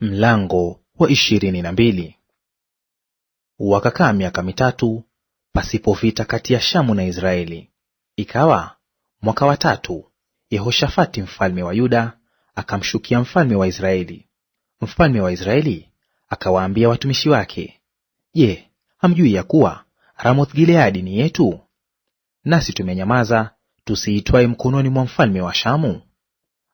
Mlango wa ishirini na mbili. Wakakaa miaka mitatu pasipo vita kati ya Shamu na Israeli. Ikawa mwaka wa tatu, Yehoshafati mfalme wa Yuda akamshukia mfalme wa Israeli. Mfalme wa Israeli akawaambia watumishi wake, Je, hamjui ya kuwa Ramoth Gileadi ni yetu, nasi tumenyamaza tusiitwae mkononi mwa mfalme wa Shamu?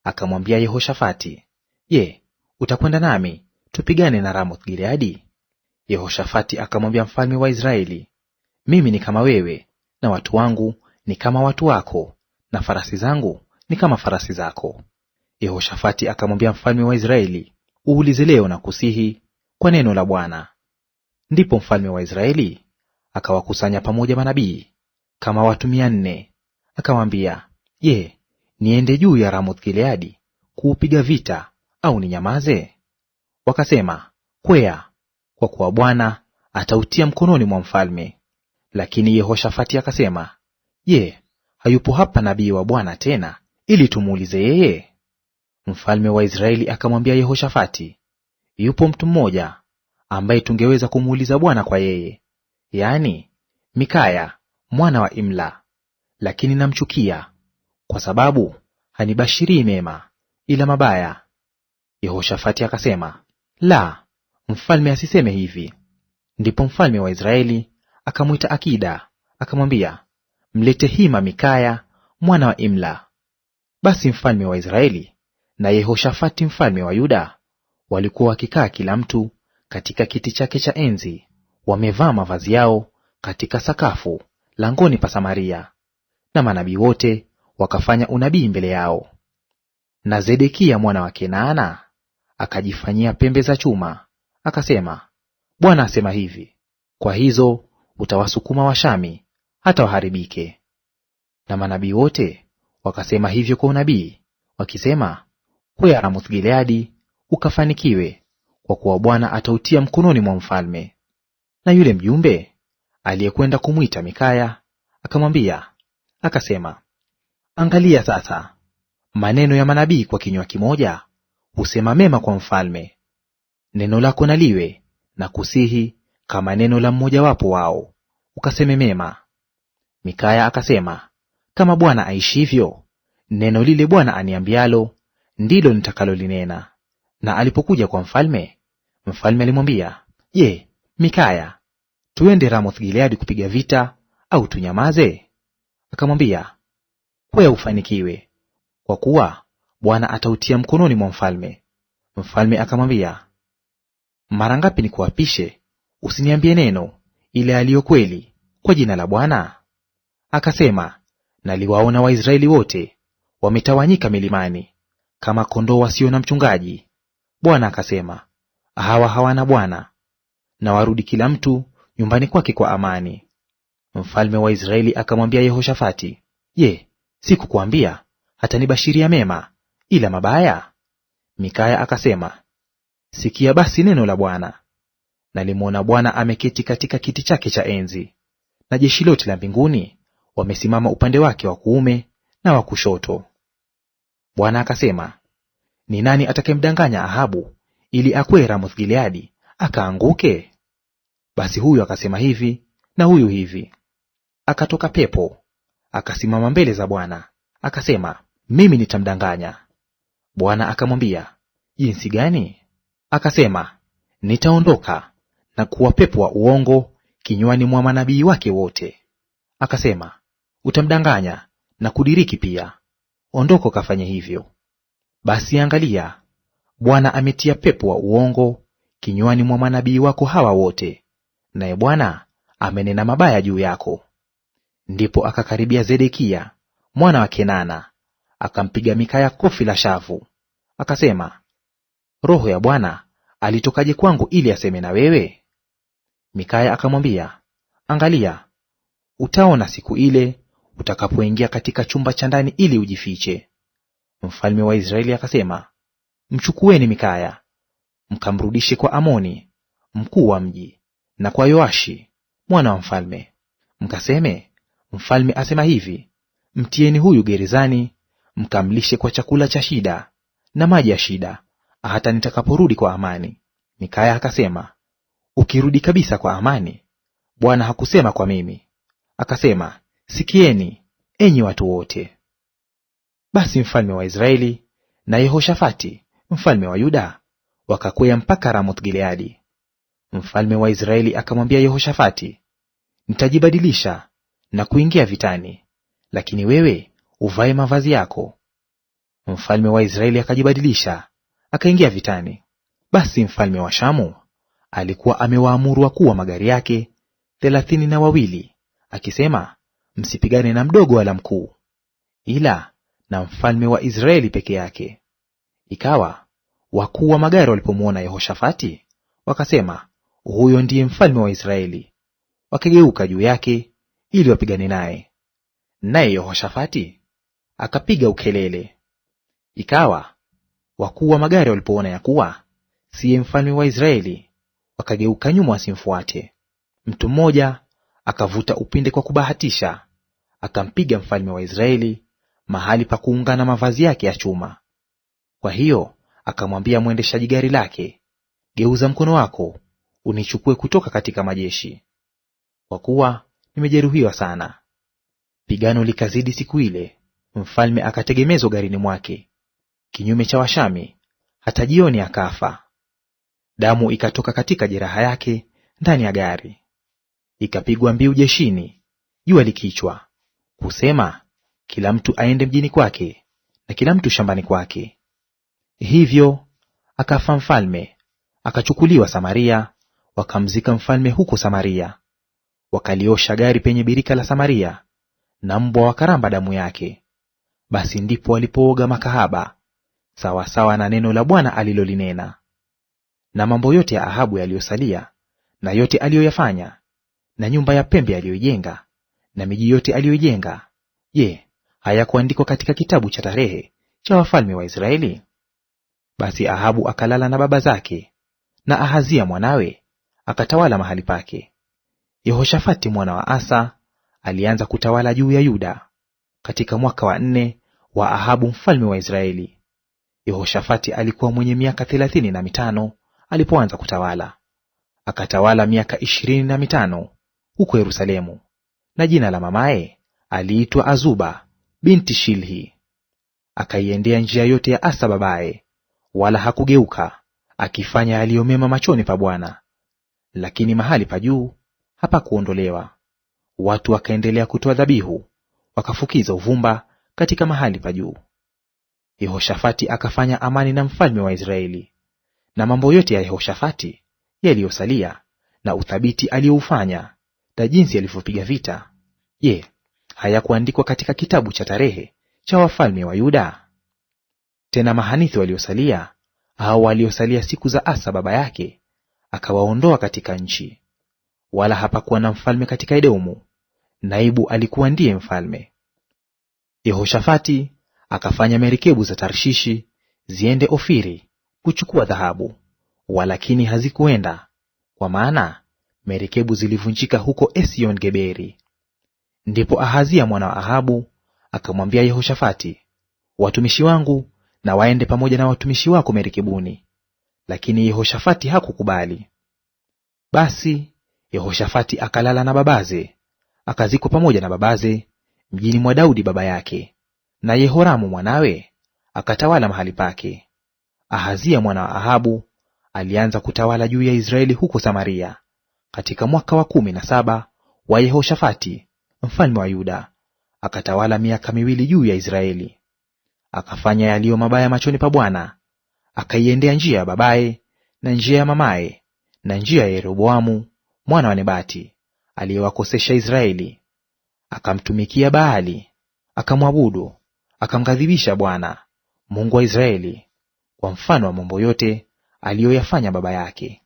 Akamwambia Yehoshafati, Je, utakwenda nami tupigane na Ramoth Gileadi? Yehoshafati akamwambia mfalme wa Israeli, mimi ni kama wewe, na watu wangu ni kama watu wako, na farasi zangu ni kama farasi zako. Yehoshafati akamwambia mfalme wa Israeli, uulize leo na kusihi kwa neno la Bwana. Ndipo mfalme wa Israeli akawakusanya pamoja manabii kama watu mia nne, akawaambia, Je, niende juu ya Ramoth Gileadi kuupiga vita au ninyamaze? Wakasema, Kwea, kwa kuwa Bwana atautia mkononi mwa mfalme. Lakini Yehoshafati akasema, Je, hayupo hapa nabii wa Bwana tena ili tumuulize yeye? Mfalme wa Israeli akamwambia Yehoshafati, yupo mtu mmoja ambaye tungeweza kumuuliza Bwana kwa yeye, yaani Mikaya mwana wa Imla, lakini namchukia kwa sababu hanibashirii mema ila mabaya, Yehoshafati akasema, la, mfalme asiseme hivi. Ndipo mfalme wa Israeli akamwita Akida akamwambia, mlete hima Mikaya mwana wa Imla. Basi mfalme wa Israeli na Yehoshafati mfalme wa Yuda walikuwa wakikaa kila mtu katika kiti chake cha enzi, wamevaa mavazi yao katika sakafu langoni pa Samaria, na manabii wote wakafanya unabii mbele yao. Na Zedekia mwana wa Kenaana akajifanyia pembe za chuma, akasema, Bwana asema hivi, kwa hizo utawasukuma Washami hata waharibike. Na manabii wote wakasema hivyo kwa unabii, wakisema, Kwea Ramoth Gileadi ukafanikiwe, kwa kuwa Bwana atautia mkononi mwa mfalme. Na yule mjumbe aliyekwenda kumwita Mikaya akamwambia akasema, Angalia sasa, maneno ya manabii kwa kinywa kimoja husema mema kwa mfalme. Neno lako na liwe na kusihi kama neno la mmojawapo wao, ukaseme mema. Mikaya akasema, kama Bwana aishivyo, neno lile Bwana aniambialo ndilo nitakalolinena. Na alipokuja kwa mfalme, mfalme alimwambia, Je, Mikaya, tuende Ramoth Gileadi kupiga vita au tunyamaze? Akamwambia, kweya ufanikiwe, kwa kuwa Bwana atautia mkononi mwa mfalme. Mfalme akamwambia, mara ngapi nikuapishe usiniambie neno ile aliyo kweli kwa jina la Bwana? Akasema, naliwaona Waisraeli wote wametawanyika milimani kama kondoo wasio na mchungaji. Bwana akasema, hawa hawana bwana, na warudi kila mtu nyumbani kwake kwa amani. Mfalme wa Israeli akamwambia Yehoshafati, Je, sikukuambia hatanibashiria mema ila mabaya? Mikaya akasema, sikia basi neno la Bwana. Nalimwona Bwana ameketi katika kiti chake cha enzi, na jeshi lote la mbinguni wamesimama upande wake wa kuume na wa kushoto. Bwana akasema, ni nani atakayemdanganya Ahabu ili akwee Ramoth Gileadi akaanguke? Basi huyu akasema hivi na huyu hivi. Akatoka pepo akasimama mbele za Bwana akasema, mimi nitamdanganya. Bwana akamwambia, jinsi gani? Akasema, nitaondoka na kuwa pepo wa uongo kinywani mwa manabii wake wote. Akasema, utamdanganya na kudiriki pia; ondoko kafanye hivyo. Basi angalia, Bwana ametia pepo wa uongo kinywani mwa manabii wako hawa wote, naye Bwana amenena mabaya juu yako. Ndipo akakaribia Zedekia mwana wa Kenana akampiga Mikaya kofi la shavu, akasema, Roho ya Bwana alitokaje kwangu ili aseme na wewe? Mikaya akamwambia, Angalia, utaona siku ile utakapoingia katika chumba cha ndani ili ujifiche. Mfalme wa Israeli akasema, mchukueni Mikaya mkamrudishe kwa Amoni mkuu wa mji na kwa Yoashi mwana wa mfalme, mkaseme, mfalme asema hivi, mtieni huyu gerezani mkamlishe kwa chakula cha shida na maji ya shida, hata nitakaporudi kwa amani. Mikaya akasema, ukirudi kabisa kwa amani, Bwana hakusema kwa mimi. Akasema, sikieni enyi watu wote. Basi mfalme wa Israeli na Yehoshafati mfalme wa Yuda wakakwea mpaka Ramoth Gileadi. Mfalme wa Israeli akamwambia Yehoshafati, nitajibadilisha na kuingia vitani, lakini wewe uvae mavazi yako. Mfalme wa Israeli akajibadilisha akaingia vitani. Basi mfalme wa Shamu alikuwa amewaamuru wakuu wa magari yake thelathini na wawili akisema, msipigane na mdogo wala mkuu, ila na mfalme wa Israeli peke yake. Ikawa wakuu wa magari walipomwona Yehoshafati wakasema, huyo ndiye mfalme wa Israeli. Wakageuka juu yake ili wapigane naye. Naye Yehoshafati akapiga ukelele. Ikawa wakuu wa magari walipoona ya kuwa siye mfalme wa Israeli, wakageuka nyuma wasimfuate. Mtu mmoja akavuta upinde kwa kubahatisha, akampiga mfalme wa Israeli mahali pa kuungana mavazi yake ya chuma. Kwa hiyo akamwambia mwendeshaji gari lake, geuza mkono wako unichukue kutoka katika majeshi, kwa kuwa nimejeruhiwa sana. Pigano likazidi siku ile, Mfalme akategemezwa garini mwake, kinyume cha Washami, hata jioni akafa. Damu ikatoka katika jeraha yake ndani ya gari. Ikapigwa mbiu jeshini, jua likichwa, kusema, kila mtu aende mjini kwake na kila mtu shambani kwake. Hivyo akafa mfalme, akachukuliwa Samaria, wakamzika mfalme huko Samaria. Wakaliosha gari penye birika la Samaria, na mbwa wakaramba damu yake. Basi ndipo walipooga makahaba, sawasawa na neno la Bwana alilolinena. Na mambo yote ya Ahabu yaliyosalia, na yote aliyoyafanya, na nyumba ya pembe aliyoijenga, na miji yote aliyoijenga, je, hayakuandikwa katika kitabu cha tarehe cha wafalme wa Israeli? Basi Ahabu akalala na baba zake, na Ahazia mwanawe akatawala mahali pake. Yehoshafati mwana wa Asa alianza kutawala juu ya Yuda katika mwaka wa nne wa Ahabu mfalme wa Israeli. Yehoshafati alikuwa mwenye miaka thelathini na mitano alipoanza kutawala, akatawala miaka ishirini na mitano huko Yerusalemu, na jina la mamaye aliitwa Azuba binti Shilhi. Akaiendea njia yote ya Asa babaye, wala hakugeuka, akifanya yaliyo mema machoni pa Bwana. Lakini mahali pa juu hapakuondolewa. Watu wakaendelea kutoa dhabihu wakafukiza uvumba katika mahali pa juu. Yehoshafati akafanya amani na mfalme wa Israeli. Na mambo yote ya Yehoshafati yaliyosalia na uthabiti aliyoufanya na jinsi alivyopiga vita, je, hayakuandikwa katika kitabu cha tarehe cha wafalme wa Yuda? Tena mahanithi waliosalia, au waliosalia siku za Asa baba yake, akawaondoa katika nchi. Wala hapakuwa na mfalme katika Edomu, naibu alikuwa ndiye mfalme. Yehoshafati akafanya merikebu za Tarshishi ziende Ofiri kuchukua dhahabu, walakini hazikuenda, kwa maana merikebu zilivunjika huko Esion Geberi. Ndipo Ahazia mwana wa Ahabu akamwambia Yehoshafati, watumishi wangu na waende pamoja na watumishi wako merikebuni, lakini Yehoshafati hakukubali. Basi Yehoshafati akalala na babaze, akazikwa pamoja na babaze mjini mwa Daudi baba yake. Na Yehoramu mwanawe akatawala mahali pake. Ahazia mwana wa Ahabu alianza kutawala juu ya Israeli huko Samaria katika mwaka wa kumi na saba wa Yehoshafati mfalme wa Yuda, akatawala miaka miwili juu ya Israeli. Akafanya yaliyo mabaya machoni pa Bwana, akaiendea njia ya babaye na njia ya mamaye na njia ya Yeroboamu mwana wa Nebati, aliyewakosesha Israeli, akamtumikia Baali, akamwabudu, akamghadhibisha Bwana Mungu wa Israeli, kwa mfano wa mambo yote aliyoyafanya baba yake.